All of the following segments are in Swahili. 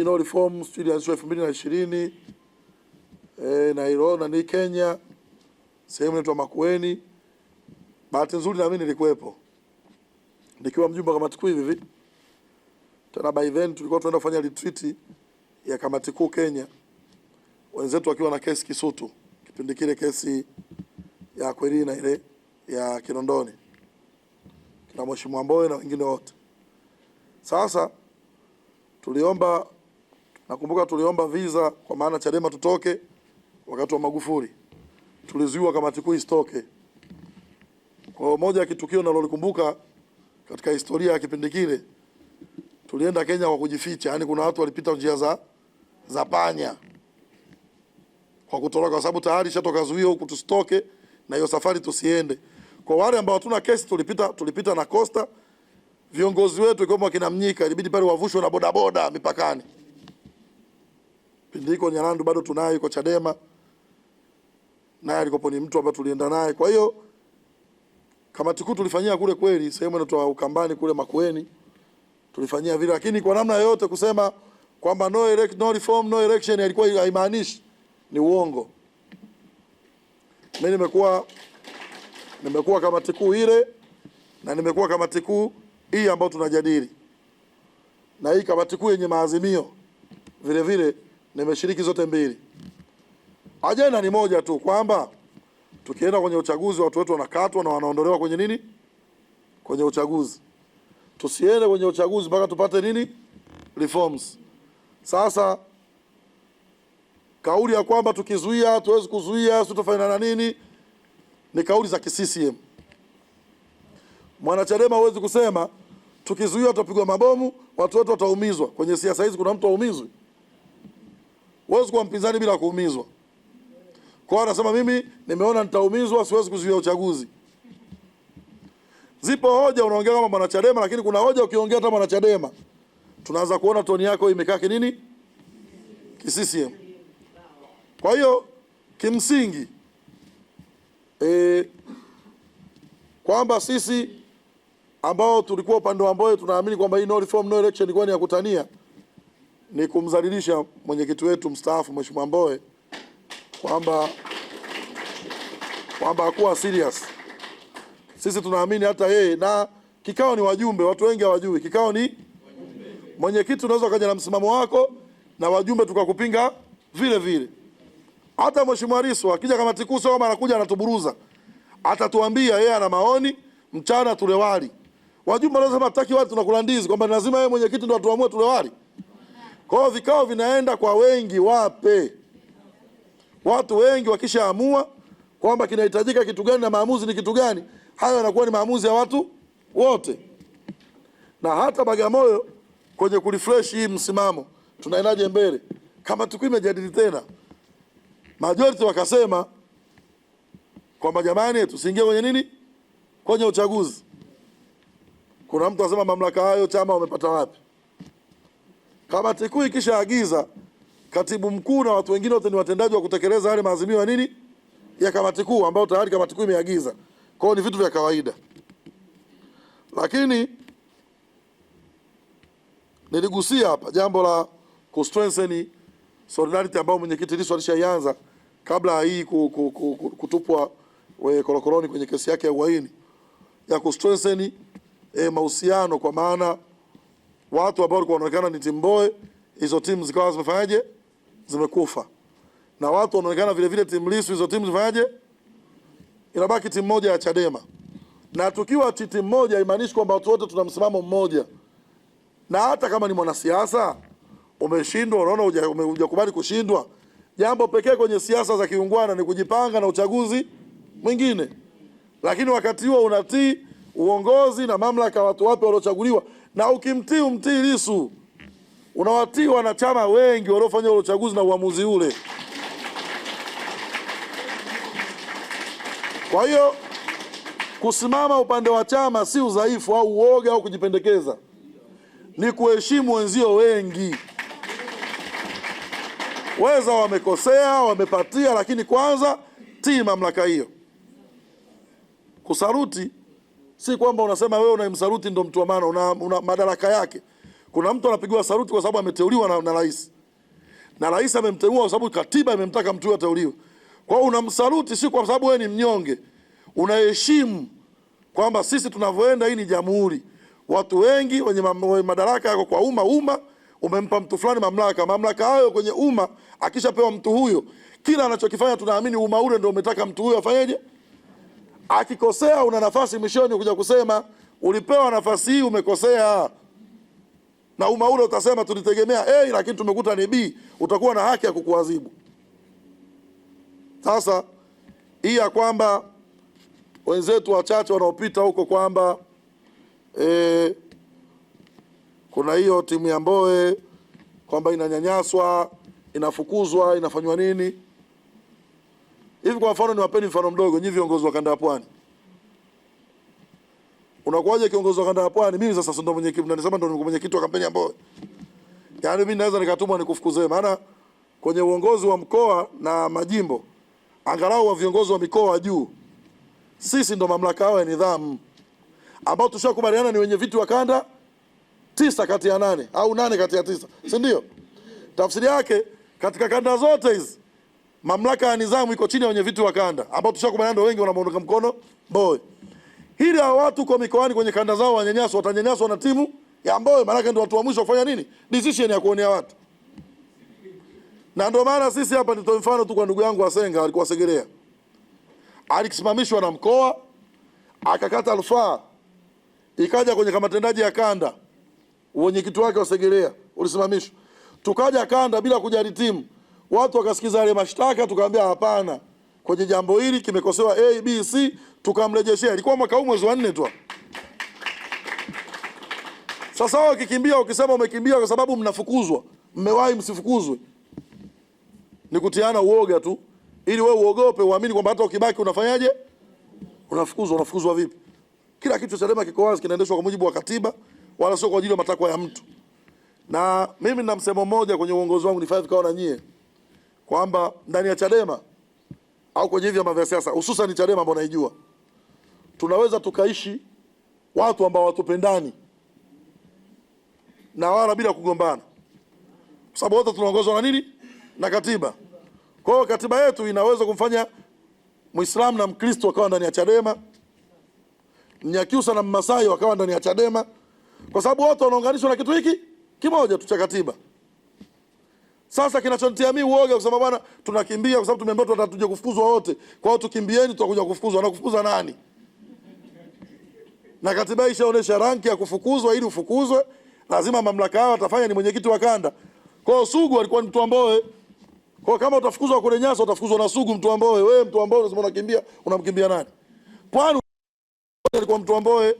ino reform studio ilianzishwa elfu mbili na ishirini e, na ni Kenya sehemu inaitwa Makueni. Bahati nzuri na mimi nilikuwepo nikiwa mjumbe wa kamati kuu hivi tena, by then tulikuwa tunaenda kufanya retreat ya kamati kuu Kenya, wenzetu wakiwa na kesi Kisutu kipindi kile, kesi ya kweli na ile ya Kinondoni na Mheshimiwa Mboye na wengine wote. Sasa tuliomba Nakumbuka tuliomba visa kwa maana Chadema tutoke wakati wa Magufuli, tulizuiwa kamati kuu isitoke. Kwa moja ya kitukio nalolikumbuka katika historia ya kipindi kile, tulienda Kenya kwa kujificha, yaani kuna watu walipita njia za za panya kwa kutoroka, kwa sababu tayari shatoka zuio huku tusitoke na hiyo safari tusiende. Kwa wale ambao hatuna kesi, tulipita tulipita na Costa, viongozi wetu ikiwemo akina Mnyika ilibidi pale wavushwe na bodaboda mipakani kipindi hiko Nyalandu bado tunayo yuko Chadema, naye alikopo ni mtu ambaye tulienda naye. Kwa hiyo kamati kuu tulifanyia kule kweli, sehemu inatoa Ukambani kule Makueni tulifanyia vile, lakini kwa namna yoyote kusema kwamba no elect, no reform, no election alikuwa haimaanishi, ni uongo. Mimi nimekuwa nimekuwa kamati kuu ile na nimekuwa kamati kuu hii ambayo tunajadili na hii kamati kuu yenye maazimio vile vile nimeshiriki zote mbili. Ajenda ni moja tu kwamba tukienda kwenye uchaguzi watu wetu wanakatwa na wanaondolewa kwenye nini, kwenye uchaguzi. Tusiende kwenye uchaguzi mpaka tupate nini, reforms. Sasa kauli ya kwamba tukizuia tuwezi kuzuia sitofanya na nini ni kauli za kiCCM. Mwanachadema huwezi kusema tukizuia tutapigwa mabomu, watu wetu wataumizwa. Kwenye siasa hizi kuna mtu aumizwi? Huwezi kuwa mpinzani bila kuumizwa. Kwa anasema mimi nimeona nitaumizwa, siwezi kuzuia uchaguzi. Zipo hoja unaongea kama mwanachadema, lakini kuna hoja ukiongea kama mwanachadema tunaanza kuona toni yako imekaa kinini kisisiem. Kwa hiyo kimsingi e, kwamba sisi ambao tulikuwa upande wa Mbowe tunaamini kwamba hii no reform no election ilikuwa ni ya kutania ni kumzalilisha mwenyekiti wetu mstaafu Mheshimiwa Mbowe kwamba kwamba hakuwa serious. Sisi tunaamini hata yeye na kikao ni wajumbe, watu wengi hawajui kikao ni mwenyekiti. Unaweza ukaja na msimamo wako na wajumbe tukakupinga vile vile. Hata Mheshimiwa Lissu akija kamati kuu, sio kama anakuja anatuburuza, atatuambia yeye ana maoni, mchana tule wali. Wajumbe wanasema hatutaki wali, tunakula ndizi, kwamba lazima yeye mwenyekiti ndo atuamue tule wali. Kwa hiyo vikao vinaenda kwa wengi, wape watu wengi. Wakishaamua kwamba kinahitajika kitu gani na maamuzi ni kitu gani, hayo yanakuwa ni maamuzi ya watu wote. Na hata Bagamoyo kwenye kurefresh hii msimamo, tunaendaje mbele, Kama tukio imejadili tena, majority wakasema kwamba jamani, tusiingie kwenye nini, kwenye uchaguzi. Kuna mtu anasema mamlaka hayo chama wamepata wapi? Kamati kuu ikishaagiza katibu mkuu na watu wengine wote ni watendaji wa kutekeleza yale maazimio ya nini ya kamati kuu ambayo tayari kamati kuu imeagiza. Kwao ni vitu vya kawaida, lakini niligusia hapa jambo la ku strengthen solidarity ambayo mwenyekiti Lissu alishaianza kabla ya hii kutupwa korokoroni kwenye kesi yake ya uhaini ya ku strengthen eh, mahusiano kwa maana watu ambao walikuwa wanaonekana ni timu boy, hizo timu zikawa zimefanyaje? Zimekufa. Na watu wanaonekana vile vile timu lisu, hizo timu zimefanyaje? Inabaki timu moja ya Chadema. Na tukiwa titi moja imaanishi kwamba watu wote tuna msimamo mmoja. Na hata kama ni mwanasiasa umeshindwa, unaona hujakubali kushindwa, jambo pekee kwenye siasa za kiungwana ni kujipanga na uchaguzi mwingine, lakini wakati huo unatii uongozi na mamlaka watu wape waliochaguliwa na ukimtii umtii Lisu, unawatii wanachama wengi waliofanya ule uchaguzi na uamuzi ule. Kwa hiyo kusimama upande wa chama si udhaifu au uoga au kujipendekeza, ni kuheshimu wenzio wengi. Weza wamekosea, wamepatia, lakini kwanza tii mamlaka hiyo. Kusaruti si kwamba unasema wewe unayemsaluti ndo mtu wa maana, una, una madaraka yake. Kuna mtu anapigiwa saluti kwa sababu ameteuliwa na, na rais na rais amemteua kwa sababu katiba imemtaka mtu huyo ateuliwe. Kwa hiyo unamsaluti si kwa sababu wewe ni mnyonge, unaheshimu kwamba sisi tunavyoenda, hii ni jamhuri, watu wengi wenye madaraka yako kwa umma. Umma umempa mtu fulani mamlaka, mamlaka hayo kwenye umma, akishapewa mtu huyo, kila anachokifanya tunaamini umma ule ndio umetaka mtu huyo afanyeje akikosea una nafasi mwishoni kuja kusema ulipewa nafasi hii, umekosea. Na umma ule utasema tulitegemea A lakini tumekuta ni B, utakuwa na haki ya kukuadhibu. Sasa hii ya kwamba wenzetu wachache wanaopita huko kwamba e, kuna hiyo timu ya Mbowe kwamba inanyanyaswa, inafukuzwa, inafanywa nini hivi. Kwa mfano niwapeni mfano mdogo, nyinyi viongozi wa kanda ya Pwani, unakuwaje kiongozi wa kanda ya Pwani? Mimi sasa ndo mwenyekiti, mnanisema ndo kitu wa kampeni ya Mbowe, yaani mimi naweza nikatumwa nikufukuzee. Maana kwenye uongozi wa mkoa na majimbo, angalau wa viongozi wa mikoa wa juu, sisi ndo mamlaka yao ya nidhamu, ambao tushakubaliana ni wenye viti wa kanda tisa kati ya nane au nane kati ya tisa, si ndio? Tafsiri yake katika kanda zote hizi mamlaka ya nidhamu iko chini ya wenye viti wa kanda ambao tushakubaliana ndio wengi wanaondoka mkono Mbowe. Hili hao watu kwa mikoani kwenye kanda zao wanyanyaswa, watanyanyaswa na timu ya Mbowe, maana ndio watu wa mwisho kufanya nini? Decision ya kuonea watu. Na ndio maana sisi hapa nitoe mfano tu kwa ndugu yangu Asenga alikuwa Segerea. Alisimamishwa na mkoa akakata rufaa ikaja kwenye kamatendaji ya kanda, mwenyekiti wake wa Segerea ulisimamishwa, tukaja kanda bila kujali timu watu wakasikiza yale mashtaka, tukaambia hapana, kwenye jambo hili kimekosewa A, B, C, tukamrejeshea. Ilikuwa mwaka huu mwezi wa nne tu. Sasa wao wakikimbia, ukisema umekimbia kwa sababu mnafukuzwa, mmewahi, msifukuzwe. Ni kutiana uoga tu, ili wewe uogope, uamini kwamba hata ukibaki unafanyaje, unafukuzwa. Unafukuzwa vipi? Kila kitu Chadema kiko wazi, kinaendeshwa kwa mujibu wa katiba, wala sio kwa ajili ya matakwa ya mtu. Na mimi nina msemo mmoja kwenye uongozi wangu, nifaa vikao na nyie kwamba ndani ya Chadema au kwenye vyama vya siasa hususan Chadema ambao naijua, tunaweza tukaishi watu ambao watupendani na wala bila kugombana, kwa sababu wote tunaongozwa na nini? Na katiba. Kwa hiyo katiba yetu inaweza kumfanya Muislamu na Mkristo wakawa ndani ya Chadema, Mnyakyusa na Mmasai wakawa ndani ya Chadema, kwa sababu wote wanaunganishwa na kitu hiki kimoja tu cha katiba. Sasa kinachonitia mimi uoga kusema bwana, tunakimbia kwa sababu tumeambiwa tutatuje kufukuzwa wote. Kwa hiyo tukimbieni, tutakuja kufukuzwa. Na kufukuzwa nani? Na katiba ishaonesha ranki ya kufukuzwa. Ili ufukuzwe, lazima mamlaka yao atafanya ni mwenyekiti wa kanda. Kwa hiyo Sugu alikuwa ni mtu ambaye, kwa kama utafukuzwa kule Nyasa, utafukuzwa na Sugu, mtu ambaye wewe, mtu ambaye unasema unakimbia, unamkimbia nani? Pwani alikuwa mtu ambaye,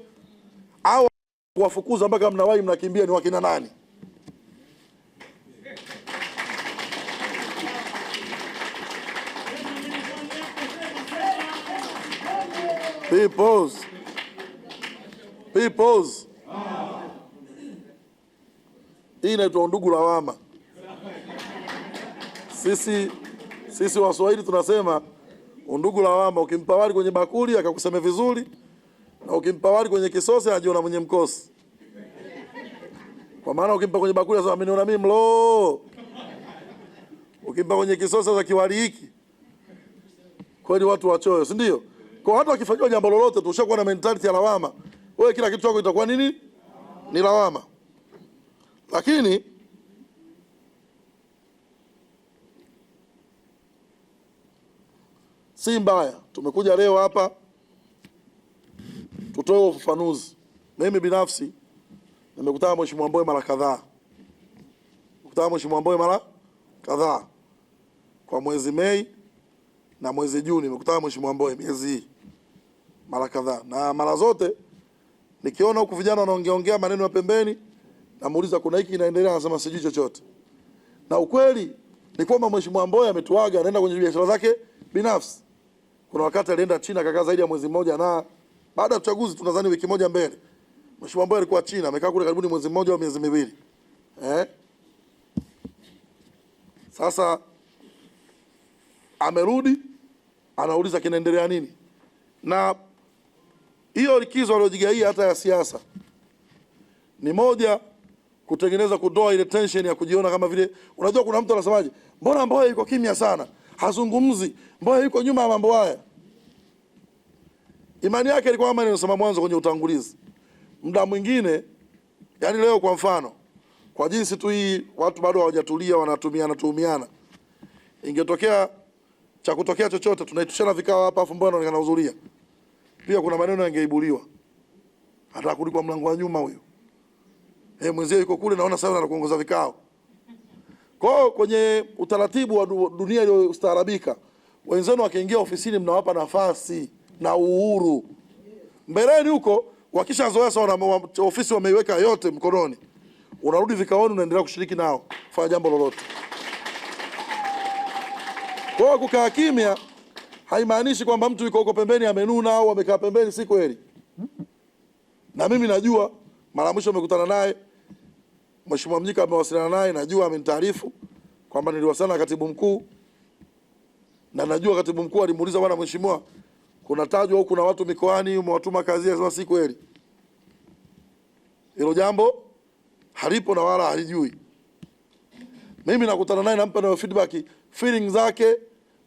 au kuwafukuza mpaka mnawahi mnakimbia, ni wakina nani? Peoples. Peoples. Hii inaitwa undugu lawama. Sisi sisi Waswahili tunasema undugu lawama, ukimpa wali kwenye bakuli akakuseme vizuri, na ukimpa wali kwenye kisosi anajiona mwenye mkosi. Kwa maana ukimpa kwenye bakuli sasa ameniona mimi mlo. Ukimpa kwenye kisosi sasa kiwali hiki. Kweli watu wachoyo, si ndio? Kwa hata wakifanyiwa jambo lolote tu ushakuwa na mentality ya lawama, wewe kila kitu chako itakuwa nini? Ni lawama. Lakini si mbaya, tumekuja leo hapa tutoe ufafanuzi. Mimi binafsi nimekutana Mheshimiwa Mbowe mara kadhaa, kutana Mheshimiwa Mbowe mara kadhaa kwa mwezi Mei na mwezi Juni, nimekutana Mheshimiwa Mbowe miezi hii mara kadhaa, na mara zote nikiona huku vijana wanaongeongea maneno ya pembeni, namuuliza kuna hiki inaendelea, anasema sijui chochote. Na ukweli ni kwamba Mheshimiwa Mbowe ametuaga, anaenda kwenye biashara zake binafsi. Kuna wakati alienda China akakaa zaidi ya mwezi mmoja, na baada ya uchaguzi tunadhani wiki moja mbele, Mheshimiwa Mbowe alikuwa China, amekaa kule karibuni mwezi mmoja au miezi miwili eh? Sasa amerudi anauliza kinaendelea nini na hiyo likizo waliojigaia hata ya siasa ni moja, kutengeneza kudoa ile tension ya kujiona kama vile, unajua kuna mtu anasemaje, mbona Mbowe yuko kimya sana, hazungumzi, Mbowe yuko nyuma ya mambo haya. Imani yake ilikuwa kama nilisema mwanzo kwenye utangulizi, muda mwingine, yani leo kwa mfano, kwa jinsi tu hii watu bado hawajatulia, wanatumiana tuumiana, ingetokea cha kutokea chochote, tunaitushana vikao hapa, afu Mbowe anaonekana kuhudhuria pia kuna maneno yangeibuliwa. Hata kulipa mlango wa nyuma huyo. Eh, mwenzie yuko kule naona sasa anakuongoza vikao. Kwa kwenye utaratibu wa dunia ustaarabika, wenzenu wakiingia ofisini mnawapa nafasi na uhuru. Mbeleni huko wakishazoea sana ofisi wameiweka yote mkononi. Unarudi vikaoni unaendelea kushiriki nao. Fanya jambo lolote. Kwa kukaa kimya haimaanishi kwamba mtu yuko huko pembeni amenuna au amekaa pembeni, si kweli. Na mimi najua mara mwisho amekutana naye Mheshimiwa Mnyika, amewasiliana naye, najua amenitaarifu kwamba niliwasiliana na katibu mkuu, na najua katibu mkuu alimuuliza, bwana mheshimiwa, kuna tajwa au kuna watu mikoani umewatuma kazi, akasema si kweli, hilo jambo halipo na wala halijui. Mimi nakutana naye, nampa nayo feedback feeling zake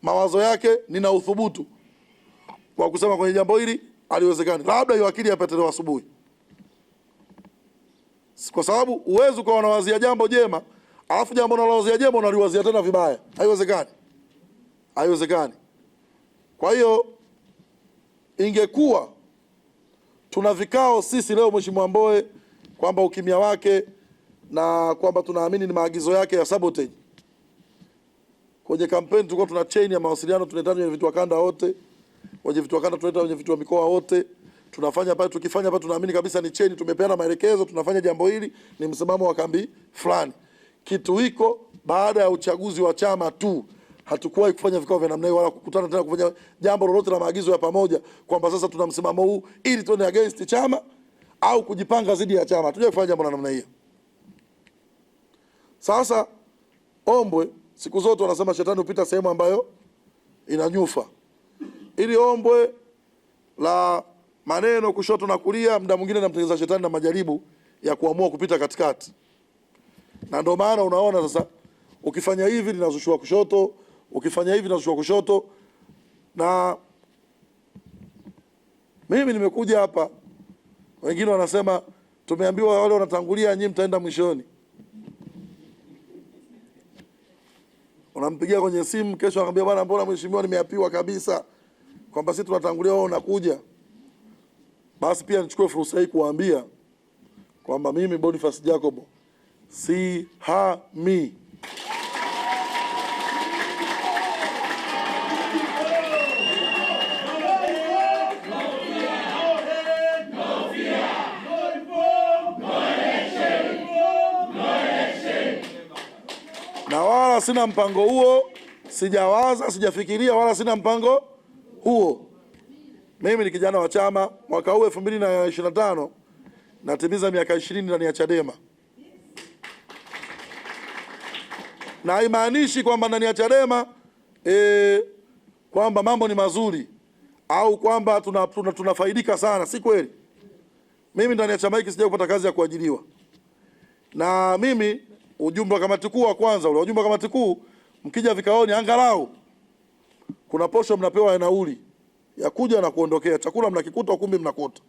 mawazo yake, nina uthubutu kwa kusema kwenye jambo hili aliwezekani, labda hiyo akili leo asubuhi, kwa sababu uwezo kwa wanawazia jambo jema alafu jambo unalowazia jema unaliwazia tena vibaya. Haiwezekani, haiwezekani. Kwa hiyo ingekuwa tuna vikao sisi leo, Mheshimiwa Mbowe, kwamba ukimya wake na kwamba tunaamini ni maagizo yake ya sabotage Kwenye kampeni tulikuwa tuna chain ya mawasiliano, tunaleta wenye vitu wa kanda wote, wenye vitu wa kanda tunaleta wenye vitu wa mikoa wote, tunafanya pale. Tukifanya pale, tunaamini kabisa ni chain, tumepeana maelekezo, tunafanya jambo hili, ni msimamo wa kambi fulani. Kitu hiko baada ya uchaguzi wa chama tu hatukuwahi kufanya vikao vya namna hiyo wala kukutana tena kufanya jambo lolote la maagizo ya pamoja kwamba sasa tuna msimamo huu ili tuende against chama au kujipanga dhidi ya chama. Hatujawahi kufanya jambo la namna hiyo. Sasa Ombwe Siku zote wanasema shetani hupita sehemu ambayo inanyufa. Ili ombwe la maneno kushoto na kulia, muda mwingine namtengeneza shetani na majaribu ya kuamua kupita katikati, na ndio maana unaona sasa, ukifanya hivi linazushua kushoto, ukifanya hivi linazushua kushoto. Na mimi nimekuja hapa, wengine wanasema tumeambiwa wale wanatangulia, nyinyi mtaenda mwishoni. unampigia kwenye simu, kesho anakuambia bwana, mbona mheshimiwa, nimeapiwa kabisa kwamba sisi tunatangulia, wao unakuja. Basi pia nichukue fursa hii kuambia kwamba mimi Boniface Jacob si hami wala sina mpango huo, sijawaza, sijafikiria wala sina mpango huo. Mimi ni kijana wa chama, mwaka huu 2025 natimiza miaka 20 ndani ya Chadema, na haimaanishi kwamba ndani ya Chadema e, kwamba mambo ni mazuri au kwamba tunafaidika tuna, tuna sana, si kweli. Mimi ndani ya chama hiki sija kupata kazi ya kuajiriwa, na mimi ujumbe wa kamati kuu wa kwanza ule ujumbe wa kamati kuu, mkija vikaoni, angalau kuna posho mnapewa nauli ya kuja na kuondokea, chakula mnakikuta, ukumbi mnakuta.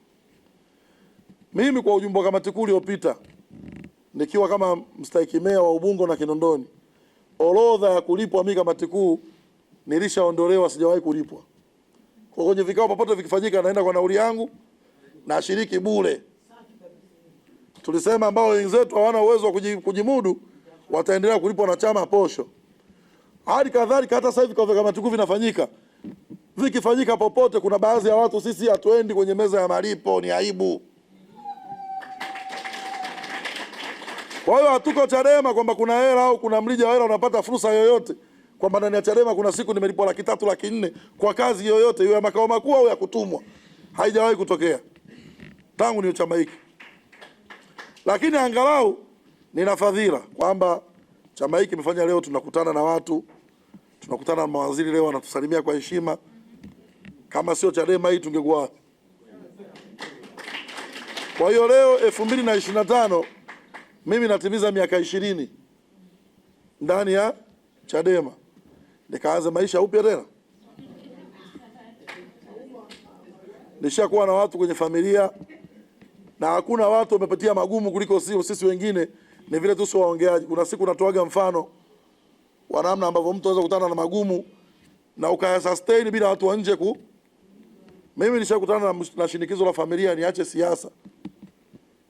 Mimi kwa ujumbe wa kamati kuu uliopita, nikiwa kama mstahiki meya wa Ubungo na Kinondoni, orodha ya kulipwa mimi kamati kuu nilishaondolewa, sijawahi kulipwa. Kwa kwenye vikao popote vikifanyika, naenda kwa nauli yangu na ashiriki bure tulisema, ambao wenzetu hawana uwezo wa kujimudu wataendelea kulipwa na chama posho. Hali kadhalika hata sasa hivi kwa kamati kuu vinafanyika, vikifanyika popote, kuna baadhi ya watu sisi hatuendi kwenye meza ya malipo, ni aibu. Kwa hiyo hatuko Chadema kwamba kuna hela au kuna mlija wa hela unapata fursa yoyote kwamba ndani ya Chadema kuna siku nimelipwa laki tatu laki nne kwa kazi yoyote iwe ya makao makuu au ya kutumwa. Haijawahi kutokea tangu ni chama hiki lakini angalau nina fadhila kwamba chama hiki kimefanya leo, tunakutana na watu, tunakutana na mawaziri leo, wanatusalimia kwa heshima. Kama sio Chadema hii tungekuwa. Kwa hiyo leo elfu mbili na ishirini na tano mimi natimiza miaka ishirini ndani ya Chadema, nikaanza maisha upya tena. Nishakuwa na watu kwenye familia na hakuna watu wamepatia magumu kuliko sio sisi wengine, ni vile tu sio waongeaji. Kuna siku natoaga mfano wa namna ambavyo mtu anaweza kukutana na magumu na ukaya sustain bila watu wa nje ku. Mimi nilishakutana na, na shinikizo la familia niache siasa,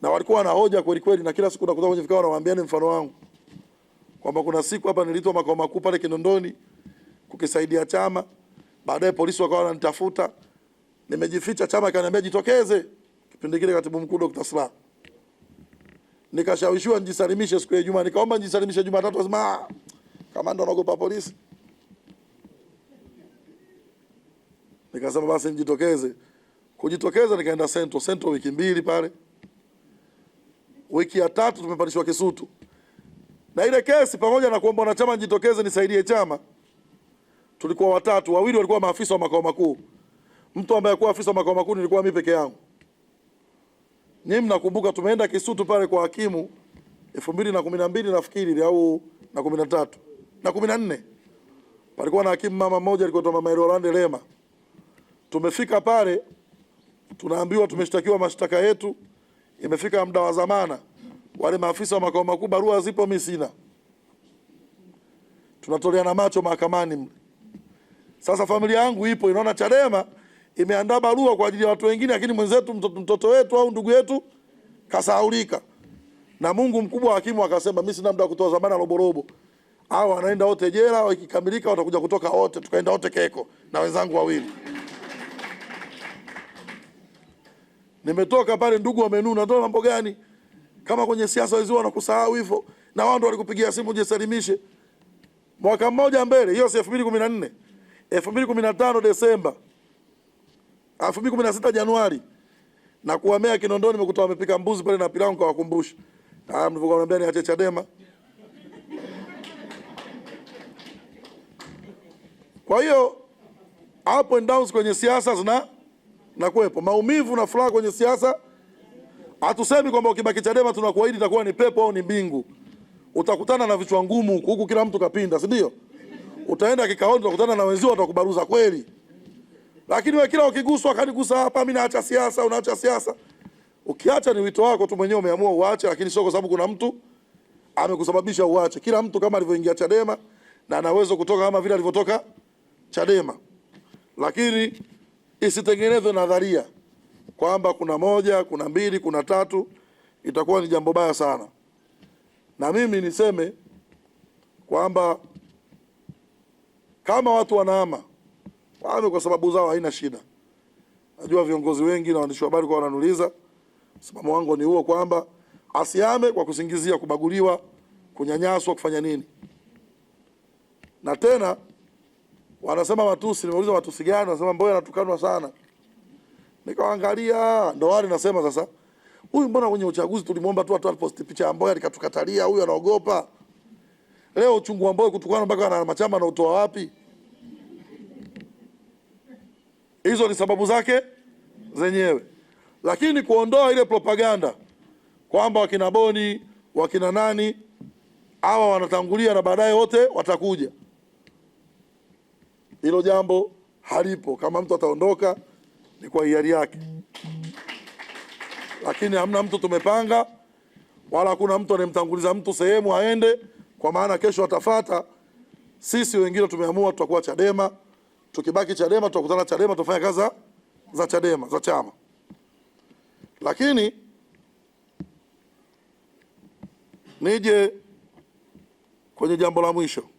na walikuwa wana hoja kweli kweli, na kila siku nakuta kwenye vikao nawaambia ni mfano wangu kwamba kuna siku hapa nilitoa makao makuu pale Kinondoni kukisaidia chama, baadaye polisi wakawa wananitafuta, nimejificha, chama kaniambia jitokeze kipindi kile katibu mkuu Dr. Sla. nikashawishiwa nijisalimishe siku ya Ijumaa, nikaomba nijisalimishe Jumatatu, asema ah, kamanda, naogopa polisi. Nikasema basi nijitokeze. Kujitokeza nikaenda sento sento, wiki mbili pale. Wiki ya tatu tumepandishwa Kisutu na ile kesi, pamoja na kuomba wanachama nijitokeze nisaidie chama, tulikuwa watatu, wawili walikuwa maafisa wa makao makuu, mtu ambaye kuwa afisa wa makao makuu nilikuwa mimi peke yangu. Nyinyi mnakumbuka tumeenda Kisutu pale kwa hakimu 2012 na kumi na nafikiri au na 13 na 14. na na palikuwa na hakimu mama mmoja alikuwa mama Rolande Lema. Tumefika pale tunaambiwa tumeshtakiwa mashtaka yetu, imefika muda wa zamana. Wale maafisa wa makao makuu barua zipo, mimi sina. na macho mahakamani. Sasa familia yangu ipo inaona Chadema imeandaa barua kwa ajili ya watu wengine, lakini mwenzetu, mtoto mtoto wetu au ndugu yetu kasahaulika. Na Mungu mkubwa, hakimu akasema, mimi sina muda kutoa zamana roborobo, au anaenda wote jela, ikikamilika watakuja kutoka wote, tukaenda wote keko na wenzangu wawili. Nimetoka pale, ndugu wamenuna, ndo mambo gani? Kama kwenye siasa wezi wanakusahau hivyo, na wao ndio walikupigia simu, jisalimishe. Mwaka mmoja mbele, hiyo si elfu elfu mbili mbili kumi kumi na nne na tano Desemba elfu mbili kumi na sita Januari na kuhamia Kinondoni, nimekuta wamepika mbuzi pale na pilau, nikawakumbusha ah, mlivyokuwa mnaniambia niache Chadema. Kwa hiyo up and downs kwenye siasa zina na kuwepo maumivu na furaha kwenye siasa. Hatusemi kwamba ukibaki Chadema tunakuahidi itakuwa ni pepo au ni mbingu. Utakutana na vichwa ngumu huku, kila mtu kapinda, si ndio? Utaenda kikaoni, utakutana na wenzio watakubaruza kweli. Lakini wewe kila ukiguswa, kanigusa hapa, mimi naacha siasa, unaacha siasa. Ukiacha ni wito wako tu mwenyewe, umeamua uache, lakini sio kwa sababu kuna mtu amekusababisha uache. Kila mtu kama alivyoingia Chadema na anaweza kutoka kama vile alivyotoka Chadema, lakini isitengenezwe nadharia kwamba kuna moja, kuna mbili, kuna tatu. Itakuwa ni jambo baya sana, na mimi niseme kwamba kama watu wanahama wame kwa sababu zao, haina shida. Najua viongozi wengi na waandishi wa habari kwa wananiuliza, msimamo wangu ni huo kwamba asiame kwa kusingizia kubaguliwa, kunyanyaswa, kufanya nini. Na tena wanasema matusi, nimeuliza matusi gani? Wanasema Mboya anatukanwa sana. Nikawaangalia, ndo wale nasema sasa, huyu mbona kwenye uchaguzi tulimwomba tu atoe post picha ya Mboya alikatukatalia, huyu anaogopa. Leo uchungu wa Mboya kutukana mpaka na machama na utoa wapi? Hizo ni sababu zake zenyewe, lakini kuondoa ile propaganda kwamba wakina Boni wakina nani hawa wanatangulia na baadaye wote watakuja, hilo jambo halipo. Kama mtu ataondoka ni kwa hiari yake, lakini hamna mtu tumepanga, wala hakuna mtu anayemtanguliza mtu sehemu aende, kwa maana kesho atafata. Sisi wengine tumeamua tutakuwa Chadema tukibaki Chadema tutakutana Chadema, tutafanya kazi za Chadema za chama. Lakini nije kwenye jambo la mwisho.